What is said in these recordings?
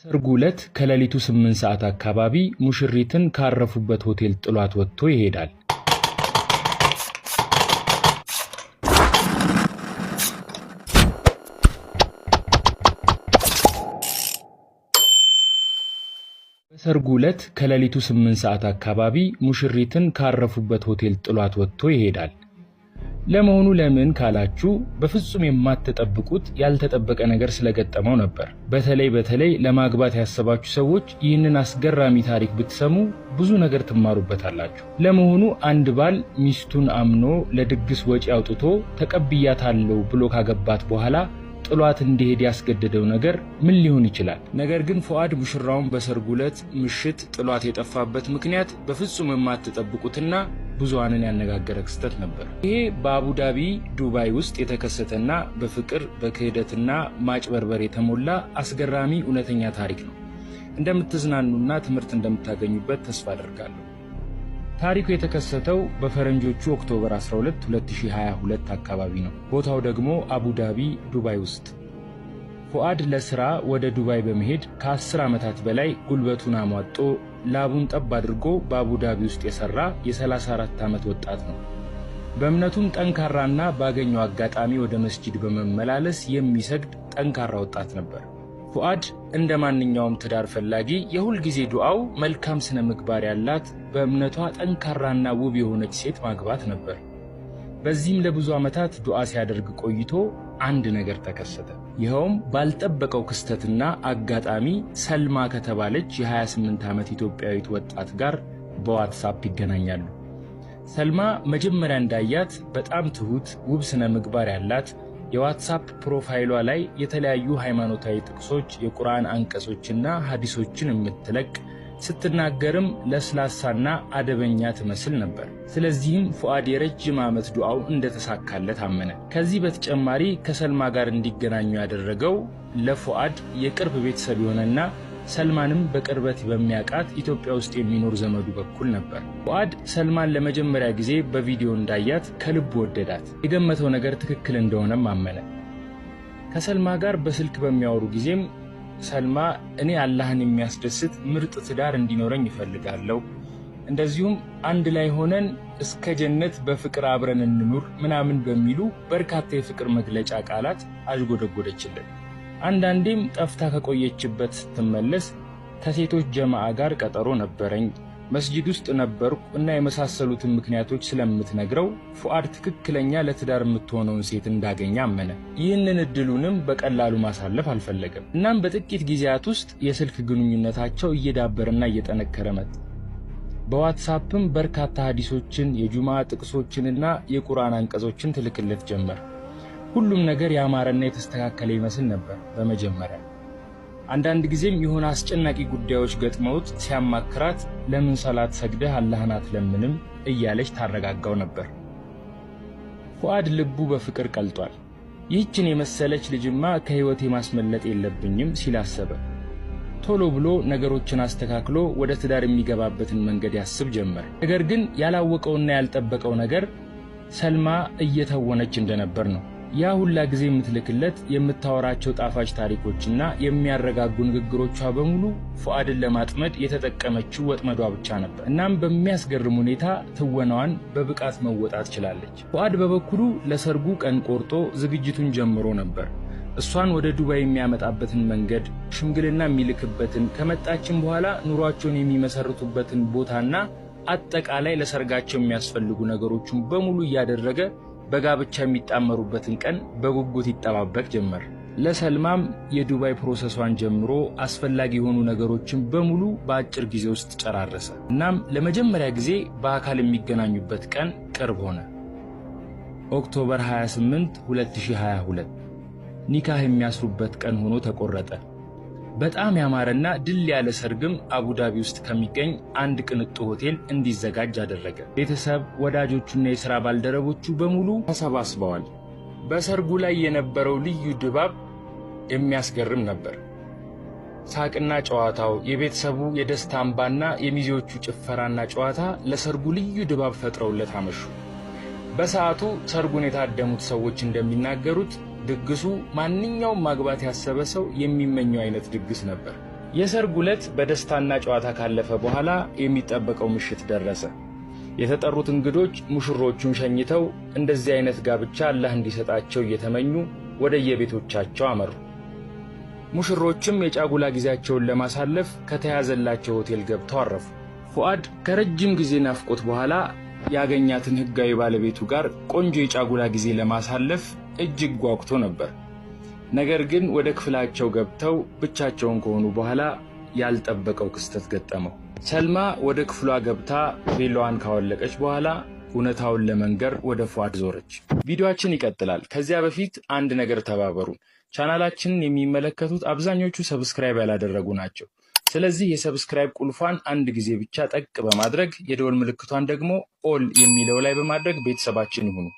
በሰርጉ ዕለት ከሌሊቱ ስምንት ሰዓት አካባቢ ሙሽሪትን ካረፉበት ሆቴል ጥሏት ወጥቶ ይሄዳል። በሰርጉ ዕለት ከሌሊቱ ስምንት ሰዓት አካባቢ ሙሽሪትን ካረፉበት ሆቴል ጥሏት ወጥቶ ይሄዳል። ለመሆኑ ለምን ካላችሁ በፍጹም የማትጠብቁት ያልተጠበቀ ነገር ስለገጠመው ነበር። በተለይ በተለይ ለማግባት ያሰባችሁ ሰዎች ይህንን አስገራሚ ታሪክ ብትሰሙ ብዙ ነገር ትማሩበታላችሁ። ለመሆኑ አንድ ባል ሚስቱን አምኖ ለድግስ ወጪ አውጥቶ ተቀብያታለሁ ብሎ ካገባት በኋላ ጥሏት እንዲሄድ ያስገደደው ነገር ምን ሊሆን ይችላል? ነገር ግን ፉአድ ሙሽራውን በሰርጉ ዕለት ምሽት ጥሏት የጠፋበት ምክንያት በፍጹም የማትጠብቁትና ብዙሃንን ያነጋገረ ክስተት ነበር። ይሄ በአቡዳቢ ዱባይ ውስጥ የተከሰተና በፍቅር በክህደትና ማጭበርበር የተሞላ አስገራሚ እውነተኛ ታሪክ ነው። እንደምትዝናኑና ትምህርት እንደምታገኙበት ተስፋ አደርጋለሁ። ታሪኩ የተከሰተው በፈረንጆቹ ኦክቶበር 12 2022 አካባቢ ነው። ቦታው ደግሞ አቡዳቢ ዱባይ ውስጥ። ፉአድ ለስራ ወደ ዱባይ በመሄድ ከ10 ዓመታት በላይ ጉልበቱን አሟጦ ላቡን ጠብ አድርጎ በአቡዳቢ ውስጥ የሰራ የ34 ዓመት ወጣት ነው። በእምነቱም ጠንካራና ባገኘው አጋጣሚ ወደ መስጂድ በመመላለስ የሚሰግድ ጠንካራ ወጣት ነበር። ፉአድ እንደ ማንኛውም ትዳር ፈላጊ የሁልጊዜ ዱዓው መልካም ስነ ምግባር ያላት በእምነቷ ጠንካራና ውብ የሆነች ሴት ማግባት ነበር። በዚህም ለብዙ ዓመታት ዱዓ ሲያደርግ ቆይቶ አንድ ነገር ተከሰተ። ይኸውም ባልጠበቀው ክስተትና አጋጣሚ ሰልማ ከተባለች የ28 ዓመት ኢትዮጵያዊት ወጣት ጋር በዋትሳፕ ይገናኛሉ። ሰልማ መጀመሪያ እንዳያት በጣም ትሁት፣ ውብ ስነ ምግባር ያላት የዋትሳፕ ፕሮፋይሏ ላይ የተለያዩ ሃይማኖታዊ ጥቅሶች፣ የቁርአን አንቀሶችና ሀዲሶችን የምትለቅ ስትናገርም ለስላሳና አደበኛ ትመስል ነበር። ስለዚህም ፉአድ የረጅም ዓመት ዱዓው እንደተሳካለት አመነ። ከዚህ በተጨማሪ ከሰልማ ጋር እንዲገናኙ ያደረገው ለፉአድ የቅርብ ቤተሰብ የሆነና ሰልማንም በቅርበት በሚያውቃት ኢትዮጵያ ውስጥ የሚኖር ዘመዱ በኩል ነበር። ፉአድ ሰልማን ለመጀመሪያ ጊዜ በቪዲዮ እንዳያት ከልቡ ወደዳት። የገመተው ነገር ትክክል እንደሆነም አመነ። ከሰልማ ጋር በስልክ በሚያወሩ ጊዜም ሰልማ እኔ አላህን የሚያስደስት ምርጥ ትዳር እንዲኖረኝ ይፈልጋለሁ፣ እንደዚሁም አንድ ላይ ሆነን እስከ ጀነት በፍቅር አብረን እንኑር ምናምን በሚሉ በርካታ የፍቅር መግለጫ ቃላት አዥጎደጎደችለት። አንዳንዴም ጠፍታ ከቆየችበት ስትመለስ ከሴቶች ጀማዓ ጋር ቀጠሮ ነበረኝ፣ መስጂድ ውስጥ ነበርኩ እና የመሳሰሉትን ምክንያቶች ስለምትነግረው ፉአድ ትክክለኛ ለትዳር የምትሆነውን ሴት እንዳገኘ አመነ። ይህንን እድሉንም በቀላሉ ማሳለፍ አልፈለገም። እናም በጥቂት ጊዜያት ውስጥ የስልክ ግንኙነታቸው እየዳበረና እየጠነከረ መጥ በዋትሳፕም በርካታ ሀዲሶችን የጁማ ጥቅሶችንና የቁርአን አንቀጾችን ትልክለት ጀመር። ሁሉም ነገር ያማረና የተስተካከለ ይመስል ነበር በመጀመሪያ። አንዳንድ ጊዜም የሆነ አስጨናቂ ጉዳዮች ገጥመውት ሲያማክራት ለምን ሰላት ሰግደህ አላህን አትለምንም እያለች ታረጋጋው ነበር። ፉአድ ልቡ በፍቅር ቀልጧል። ይህችን የመሰለች ልጅማ ከሕይወቴ ማስመለጥ የለብኝም ሲል አሰበ። ቶሎ ብሎ ነገሮችን አስተካክሎ ወደ ትዳር የሚገባበትን መንገድ ያስብ ጀመር። ነገር ግን ያላወቀውና ያልጠበቀው ነገር ሰልማ እየተወነች እንደነበር ነው። ያ ሁላ ጊዜ የምትልክለት የምታወራቸው ጣፋጭ ታሪኮችና የሚያረጋጉ ንግግሮቿ በሙሉ ፉአድን ለማጥመድ የተጠቀመችው ወጥመዷ ብቻ ነበር። እናም በሚያስገርም ሁኔታ ትወናዋን በብቃት መወጣት ችላለች። ፉአድ በበኩሉ ለሰርጉ ቀን ቆርጦ ዝግጅቱን ጀምሮ ነበር። እሷን ወደ ዱባይ የሚያመጣበትን መንገድ፣ ሽምግልና የሚልክበትን፣ ከመጣችን በኋላ ኑሯቸውን የሚመሰርቱበትን ቦታና አጠቃላይ ለሰርጋቸው የሚያስፈልጉ ነገሮችን በሙሉ እያደረገ በጋብቻ የሚጣመሩበትን ቀን በጉጉት ይጠባበቅ ጀመር። ለሰልማም የዱባይ ፕሮሰሷን ጀምሮ አስፈላጊ የሆኑ ነገሮችን በሙሉ በአጭር ጊዜ ውስጥ ጨራረሰ። እናም ለመጀመሪያ ጊዜ በአካል የሚገናኙበት ቀን ቅርብ ሆነ። ኦክቶበር 28 2022 ኒካህ የሚያስሩበት ቀን ሆኖ ተቆረጠ። በጣም ያማረና ድል ያለ ሰርግም አቡዳቢ ውስጥ ከሚገኝ አንድ ቅንጡ ሆቴል እንዲዘጋጅ አደረገ። ቤተሰብ፣ ወዳጆቹና የሥራ ባልደረቦቹ በሙሉ ተሰባስበዋል። በሰርጉ ላይ የነበረው ልዩ ድባብ የሚያስገርም ነበር። ሳቅና ጨዋታው፣ የቤተሰቡ የደስታ አምባና የሚዜዎቹ ጭፈራና ጨዋታ ለሰርጉ ልዩ ድባብ ፈጥረውለት አመሹ። በሰዓቱ ሰርጉን የታደሙት ሰዎች እንደሚናገሩት ድግሱ ማንኛውም ማግባት ያሰበ ሰው የሚመኘው አይነት ድግስ ነበር። የሰርጉ ዕለት በደስታና ጨዋታ ካለፈ በኋላ የሚጠበቀው ምሽት ደረሰ። የተጠሩት እንግዶች ሙሽሮቹን ሸኝተው እንደዚህ አይነት ጋብቻ አላህ እንዲሰጣቸው እየተመኙ ወደየቤቶቻቸው አመሩ። ሙሽሮችም የጫጉላ ጊዜያቸውን ለማሳለፍ ከተያዘላቸው ሆቴል ገብተው አረፉ። ፉአድ ከረጅም ጊዜ ናፍቆት በኋላ ያገኛትን ሕጋዊ ባለቤቱ ጋር ቆንጆ የጫጉላ ጊዜ ለማሳለፍ እጅግ ጓጉቶ ነበር። ነገር ግን ወደ ክፍላቸው ገብተው ብቻቸውን ከሆኑ በኋላ ያልጠበቀው ክስተት ገጠመው። ሰልማ ወደ ክፍሏ ገብታ ቬሎዋን ካወለቀች በኋላ እውነታውን ለመንገር ወደ ፏድ ዞረች። ቪዲዮችን ይቀጥላል። ከዚያ በፊት አንድ ነገር ተባበሩን። ቻናላችንን የሚመለከቱት አብዛኞቹ ሰብስክራይብ ያላደረጉ ናቸው። ስለዚህ የሰብስክራይብ ቁልፏን አንድ ጊዜ ብቻ ጠቅ በማድረግ የደወል ምልክቷን ደግሞ ኦል የሚለው ላይ በማድረግ ቤተሰባችን ይሁኑ።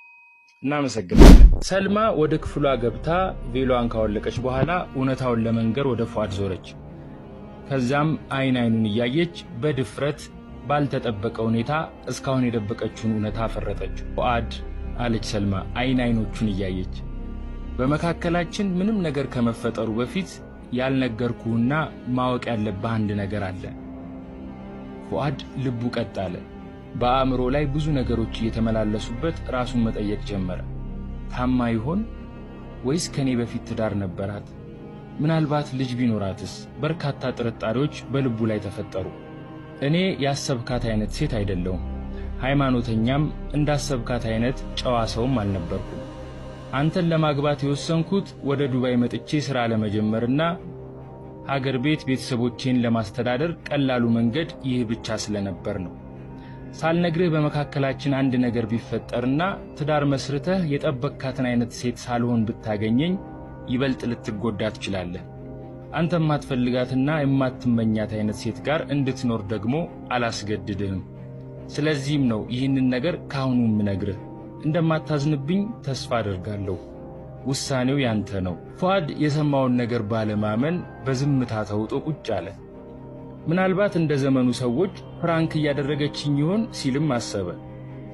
እናመሰግናለን። ሰልማ ወደ ክፍሏ ገብታ ቬሎዋን ካወለቀች በኋላ እውነታውን ለመንገር ወደ ፏድ ዞረች። ከዛም አይን አይኑን እያየች በድፍረት ባልተጠበቀ ሁኔታ እስካሁን የደበቀችውን እውነታ አፈረጠች ፏድ አለች ሰልማ አይን አይኖቹን እያየች በመካከላችን ምንም ነገር ከመፈጠሩ በፊት ያልነገርኩህና ማወቅ ያለብህ አንድ ነገር አለ። ፉአድ ልቡ ቀጥ አለ። በአእምሮ ላይ ብዙ ነገሮች እየተመላለሱበት ራሱን መጠየቅ ጀመረ። ታማ ይሆን ወይስ ከኔ በፊት ትዳር ነበራት? ምናልባት ልጅ ቢኖራትስ? በርካታ ጥርጣሬዎች በልቡ ላይ ተፈጠሩ። እኔ ያሰብካት አይነት ሴት አይደለሁም፣ ሃይማኖተኛም እንዳሰብካት አይነት ጨዋ ሰውም አልነበርኩም። አንተን ለማግባት የወሰንኩት ወደ ዱባይ መጥቼ ሥራ ለመጀመርና ሀገር ቤት ቤተሰቦቼን ለማስተዳደር ቀላሉ መንገድ ይህ ብቻ ስለነበር ነው። ሳልነግርህ በመካከላችን አንድ ነገር ቢፈጠርና ትዳር መስርተህ የጠበቅካትን አይነት ሴት ሳልሆን ብታገኘኝ ይበልጥ ልትጎዳ ትችላለህ። አንተ የማትፈልጋትና የማትመኛት አይነት ሴት ጋር እንድትኖር ደግሞ አላስገድድህም። ስለዚህም ነው ይህንን ነገር ካሁኑ የምነግርህ። እንደማታዝንብኝ ተስፋ አደርጋለሁ። ውሳኔው ያንተ ነው። ፏድ የሰማውን ነገር ባለማመን በዝምታ ተውጦ ቁጭ አለ። ምናልባት እንደ ዘመኑ ሰዎች ፍራንክ እያደረገችኝ ይሆን ሲልም አሰበ።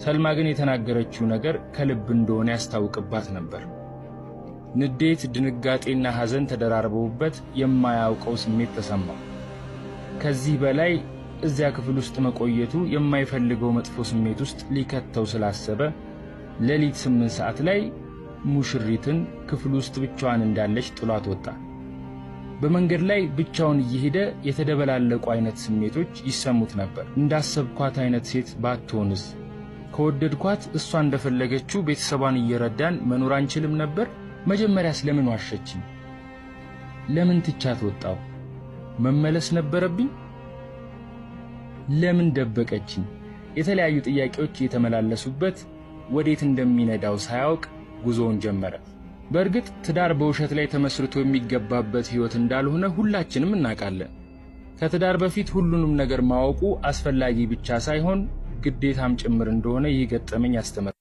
ሰልማ ግን የተናገረችው ነገር ከልብ እንደሆነ ያስታውቅባት ነበር። ንዴት፣ ድንጋጤና ሐዘን ተደራርበውበት የማያውቀው ስሜት ተሰማው። ከዚህ በላይ እዚያ ክፍል ውስጥ መቆየቱ የማይፈልገው መጥፎ ስሜት ውስጥ ሊከተው ስላሰበ ሌሊት ስምንት ሰዓት ላይ ሙሽሪትን ክፍል ውስጥ ብቻዋን እንዳለች ጥሏት ወጣ። በመንገድ ላይ ብቻውን እየሄደ የተደበላለቁ አይነት ስሜቶች ይሰሙት ነበር። እንዳሰብኳት አይነት ሴት ባትሆንስ? ከወደድኳት እሷ እንደፈለገችው ቤተሰቧን እየረዳን መኖር አንችልም ነበር? መጀመሪያስ ለምን ዋሸችኝ? ለምን ትቻት ወጣው? መመለስ ነበረብኝ? ለምን ደበቀችኝ? የተለያዩ ጥያቄዎች የተመላለሱበት ወዴት እንደሚነዳው ሳያውቅ ጉዞውን ጀመረ። በእርግጥ ትዳር በውሸት ላይ ተመስርቶ የሚገባበት ሕይወት እንዳልሆነ ሁላችንም እናውቃለን። ከትዳር በፊት ሁሉንም ነገር ማወቁ አስፈላጊ ብቻ ሳይሆን ግዴታም ጭምር እንደሆነ ይህ ገጠመኝ ያስተምራል።